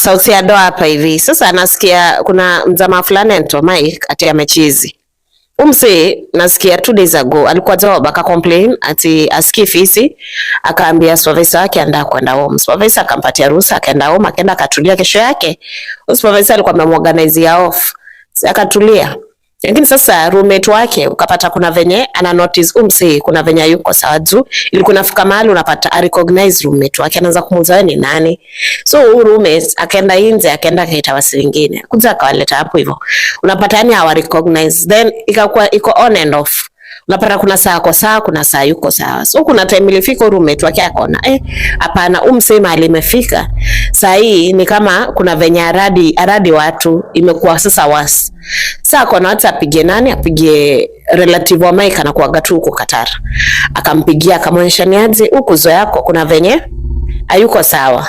sauti ya doa hapa hivi. Sasa anasikia kuna mzama fulani antomai Mike ati amechizi. Umse nasikia two days ago alikuwa job aka complain ati asikii fisi, akaambia supervisor wake anda kwenda home. Supervisor akampatia ruhusa akaenda home, akaenda akatulia. Kesho yake supervisor alikuwa amemorganize off, akatulia lakini sasa roommate wake ukapata kuna venye ana notice umsi, kuna venye yuko sawa juu, ilikuwa nafika mahali unapata a recognize roommate wake anaanza kumuuliza wewe ni nani? So huyu roommate akaenda nje, akaenda kaita wasi wengine, kuja akawaleta hapo hivyo, unapata yani hawa recognize, then ikakuwa iko on and off Unapata kuna saa kwa saa, kuna saa yuko sawa. So kuna time ilifika roommate wake akaona eh, hapana, huyu msema alimefika. Saa hii ni kama kuna venye aradi aradi watu imekuwa sasa wasi. saa kwa hata apige nani, apige relative wa Mike anakuaga tu huko Katara, Akampigia akamwonyesha niaje, huku zo yako kuna venye hayuko sawa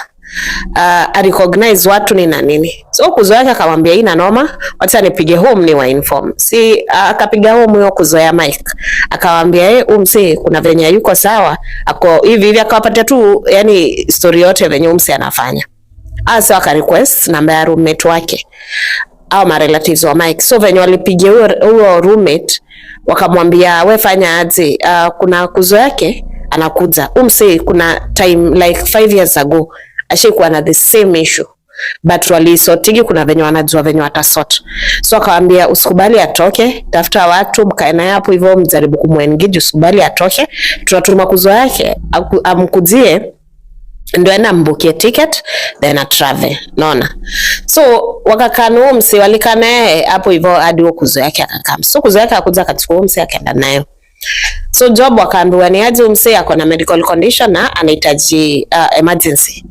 uh, arecognize watu ni na nini. So kuzo yake akamwambia ina noma, wacha nipige home ni wa inform. Si uh, akapiga home hiyo ya Mike. Akamwambia eh, yeye umse kuna venye yuko sawa, ako hivi hivi akawapatia tu yani story yote venye umse anafanya. Asa ah, aka request namba ya roommate wake au ma relatives wa Mike. So venye walipiga huyo roommate wakamwambia we fanya aje, uh, kuna kuzo yake anakuja umse, kuna time like five years ago ashikuwa na the same issue but waliisotigi, kuna venye wanajua venye watasot. So akawambia usikubali atoke, tafuta watu mkae naye hapo hivyo, mjaribu kumwengiji, usikubali atoke, tunatuma kuzo yake amkujie ndio enda mbukie ticket then a travel naona. So wakakanu na huyo msi, walikaa hapo hivyo hadi huo kuzo yake akakam. So kuzo yake akakuja akachukua huyo msi akaenda nayo So Job wakaambiwa ni aje umsee ako na medical condition na anahitaji uh, emergency.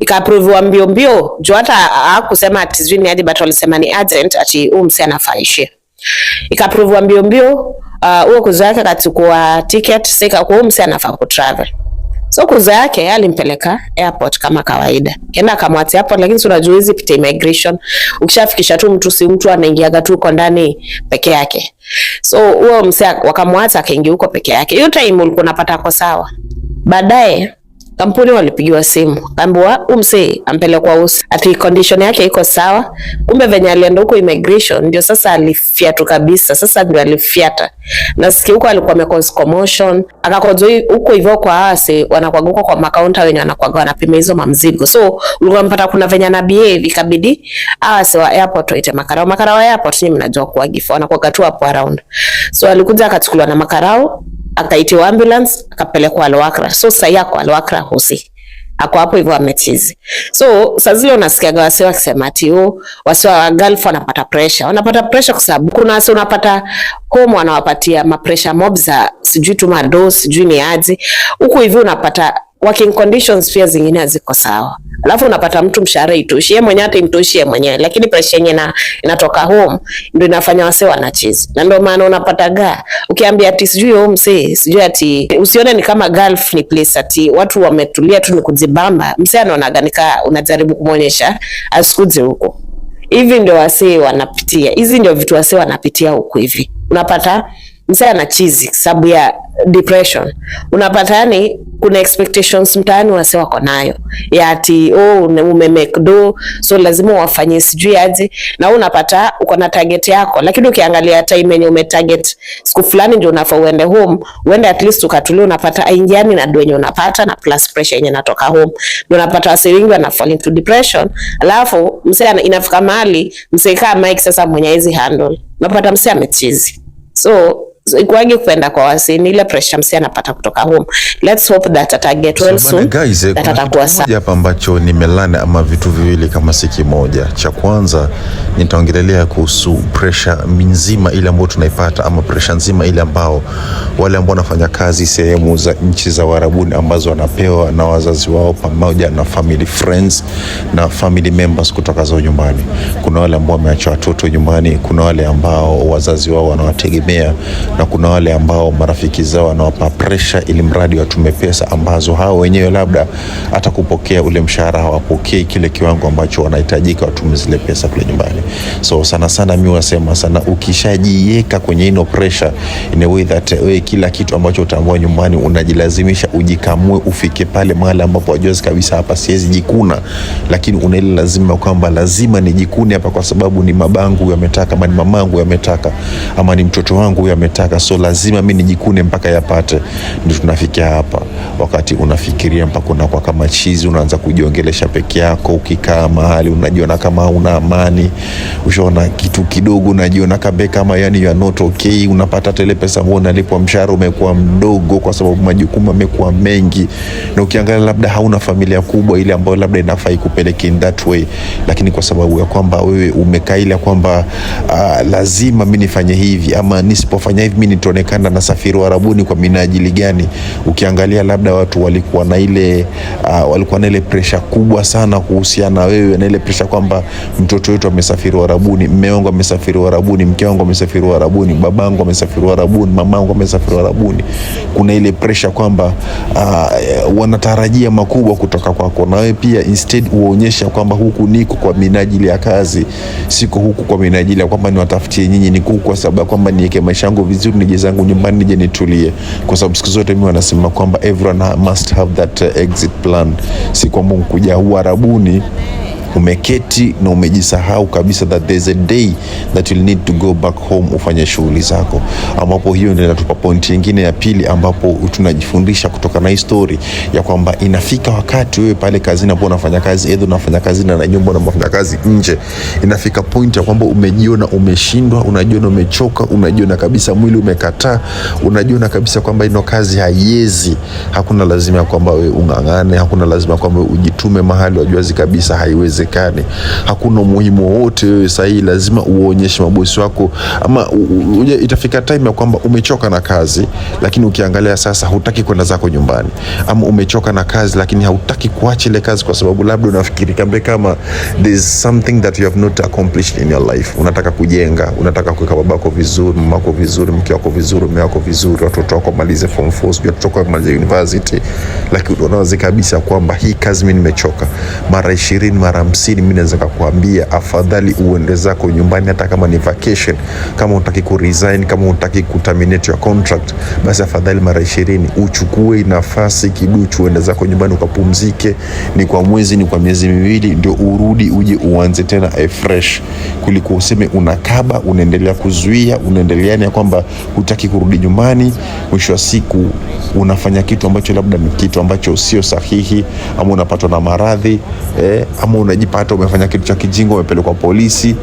Ikaaproviwa mbio mbio, juu hata hakusema ati sijui ni aje but walisema ni urgent ati huyu msee anafaishia. Ikaaproviwa mbio mbio, uh, huo uh, kuzo yake akachukua ticket, sika kwa huyu anafaa ku travel. So kuza yake alimpeleka airport kama kawaida. Kenda akamwatia hapo, lakini si unajua hizi pita immigration. Ukishafikisha tu mtu si mtu anaingiaga tu uko ndani peke yake. So huo msee wakamwacha akaingia huko peke yake. Hiyo time ulikuwa unapata kwa sawa. Baadaye Kampuni walipigiwa simu, kaambiwa umse msee ampelekwa usi, ati condition yake iko sawa. Kumbe venye alienda huko immigration ndio sasa alifyatu kabisa, sasa ndio alifyata nasiki huko, alikuwa amecause commotion, akakozo huko hivyo kwa hasi, wanakwaguka kwa makaunta wenye wanakwaga wanapima hizo mamzigo. So ulikuwa mpata kuna venye na behave, ikabidi hasi wa airport waite makarao. Makarao ya airport ni mnajua kuagifa, wanakwaga tu hapo around. So alikuja akachukuliwa na makarao akaitiwa ambulance akapelekwa Alwakra. So sasa yako Alwakra hosi ako hapo hivyo ametizi. So saa zile unasikiaga wasiwa wakisema ati oh, wasiwa wa Gulf wanapata pressure, wanapata pressure kwa sababu kuna wasi unapata home wanawapatia mapresha mob za sijui tu madosi sijui ni aje huku hivi, unapata working conditions pia zingine haziko sawa. Alafu unapata mtu mshahara itoshie mwenye hata imtoshie mwenyewe, lakini pressure yenye na inatoka home ndio inafanya wase wanacheza. Na ndio maana unapata ga Ukiambia ati sijui home say, sijui ati usione ni kama golf ni place ati watu wametulia tu ni kujibamba. Msee anaona ka unajaribu kumuonyesha asikuje huko. Hivi ndio wase wanapitia. Hizi ndio vitu wase wanapitia huko hivi. Unapata mzee na chizi sababu ya depression. Unapata yani kuna expectations mtaani unasema wako nayo ya ati oh, ume make do so lazima wafanyie sijui aje, na wewe unapata uko na target yako, lakini ukiangalia time yenye ume target siku fulani ndio unafaa uende home, uende at least ukatulia unapata aingiani na dwenye unapata na plus pressure yenye natoka home, ndio unapata wasee wengi wana fall into depression. Alafu msee inafika mahali msee kama Mike sasa mwenye hizi handle unapata msee amechizi so Ikuagi kwenda kwa wazee ni ile pressure msi anapata kutoka home. Let's hope that ata get well soon. Guys, that atakuwa sawa. Hapa ambacho nimelana ama vitu viwili kama si kimoja. Cha kwanza nitaongelelea kuhusu pressure nzima ile ambayo tunaipata ama pressure nzima ile ambao wale ambao wanafanya kazi sehemu za nchi za Warabuni ambazo wanapewa na wazazi wao pamoja na family friends na family members kutoka zao nyumbani. Kuna wale ambao wameacha watoto nyumbani, kuna wale ambao wazazi wao wanawategemea na kuna wale ambao marafiki zao wanawapa presha ili mradi watume pesa ambazo hao wenyewe labda hata kupokea ule mshahara hawapokei kile kiwango ambacho wanahitajika watume zile pesa kule nyumbani. So sana sana mimi wasema sana, ukishajiweka kwenye ino pressure in a way that wewe kila kitu ambacho utaamua nyumbani unajilazimisha ujikamue, ufike pale mahali ambapo wajuazi kabisa, hapa siwezi jikuna, lakini una ile lazima kwamba lazima nijikune hapa kwa sababu ni mabangu yametaka, ama ni mamangu yametaka, ama ni mtoto wangu yametaka anayotaka, so lazima mi nijikune mpaka yapate. Ndio tunafikia hapa, wakati unafikiria mpaka unakuwa kama chizi, unaanza kujiongelesha peke yako. Ukikaa mahali unajiona kama una amani, ushaona kitu kidogo, unajiona kabe kama yani you are not okay. Unapata tele pesa ambayo unalipwa, mshahara umekuwa mdogo kwa sababu majukumu yamekuwa mengi, na ukiangalia labda hauna familia kubwa ile ambayo labda inafai ikupeleke in that way, lakini kwa sababu ya kwamba wewe umekaa ile kwamba uh, lazima mi nifanye hivi ama nisipofanya hivi mimi nitaonekana na nasafiri Uarabuni kwa minajili gani? Ukiangalia labda watu walikuwa na ile uh, walikuwa na ile presha kubwa sana kuhusiana na wewe na ile presha kwamba mtoto wetu amesafiri Uarabuni, mme wangu amesafiri Uarabuni, mke wangu amesafiri Uarabuni, babangu amesafiri mama mamangu amesafiri Uarabuni. Kuna ile presha kwamba uh, wanatarajia makubwa kutoka kwako, na wewe pia instead uonyesha kwamba huku niko kwa minajili ya kazi, siko huku kwa minajili ya kwamba niwatafutie nyinyi, niko kwa sababu kwamba niweke maisha yangu vizuri vizuri, nije zangu nyumbani, nije nitulie, kwa sababu siku zote mimi wanasema kwamba everyone must have that uh, exit plan, si kwamba Mungu kuja umeketi na umejisahau kabisa that there's a day that you'll need to go back home ufanye shughuli zako, ambapo hiyo ndio inatupa pointi nyingine ya pili, ambapo tunajifundisha kutoka na history ya kwamba inafika wakati wewe pale kazini ambapo unafanya kazi, aidha unafanya kazi na nyumba na unafanya kazi nje, inafika point ya kwamba umejiona umeshindwa, unajiona umechoka, unajiona kabisa mwili umekataa, unajiona kabisa kwamba ino kazi haiwezi. Hakuna lazima kwamba wewe ung'ang'ane, hakuna lazima kwamba ujitume mahali wajuazi kabisa haiwezi haiwezekani. Hakuna umuhimu wowote wewe sahihi, lazima uonyeshe mabosi wako, ama u, u, itafika time ya kwamba umechoka na kazi, lakini ukiangalia sasa hutaki kwenda zako nyumbani, ama umechoka na kazi, lakini hautaki kuacha ile kazi kwa sababu labda unafikiri kambe kama there is something that you have not accomplished in your life. Unataka kujenga, unataka kuweka babako vizuri, mamako vizuri, mke wako vizuri, mume wako vizuri, watoto wako malize form 4 sio watoto wako malize university, lakini unawaza kabisa kwamba hii kazi mimi nimechoka, mara 20 mara hamsini, mi naweza kakuambia afadhali uende zako nyumbani, hata kama ni vacation, kama utaki ku kama utaki ku your contract, basi afadhali mara ishirini uchukue nafasi kiduchu, uende zako nyumbani ukapumzike, ni kwa mwezi, ni kwa miezi miwili, ndio urudi uje uanze tena fresh, kuliko useme unakaba, unaendelea kuzuia, unaendelea ni yaani kwamba hutaki kurudi nyumbani. Mwisho wa siku unafanya kitu ambacho labda ni kitu ambacho sio sahihi, ama unapatwa na maradhi eh, ama una umejipata umefanya kitu cha kijingo, umepelekwa polisi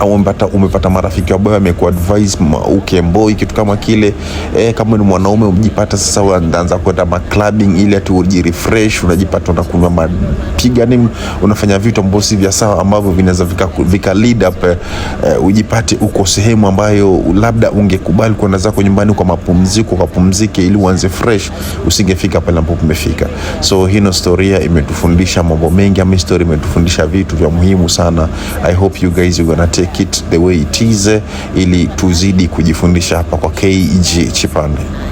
au umepata, umepata marafiki wabaya amekuadvise ukemboi kitu kama kile e, kama ni mwanaume umjipata sasa unaanza kwenda maclubing ili ati ujirefresh, unajipata unakunywa mapiga nini, unafanya vitu ambavyo si vya sawa ambavyo vinaweza vika, vika lead up e, ujipate uko sehemu ambayo labda ungekubali kwenda zako nyumbani kwa mapumziko ukapumzike ili uanze fresh, usingefika pale ambapo umefika. So hino storia imetufundisha mambo mengi, ama story imetufundisha vitu vya muhimu sana. I hope you guys you gonna take take it the way it is, ili tuzidi kujifundisha hapa kwa KG Chipande.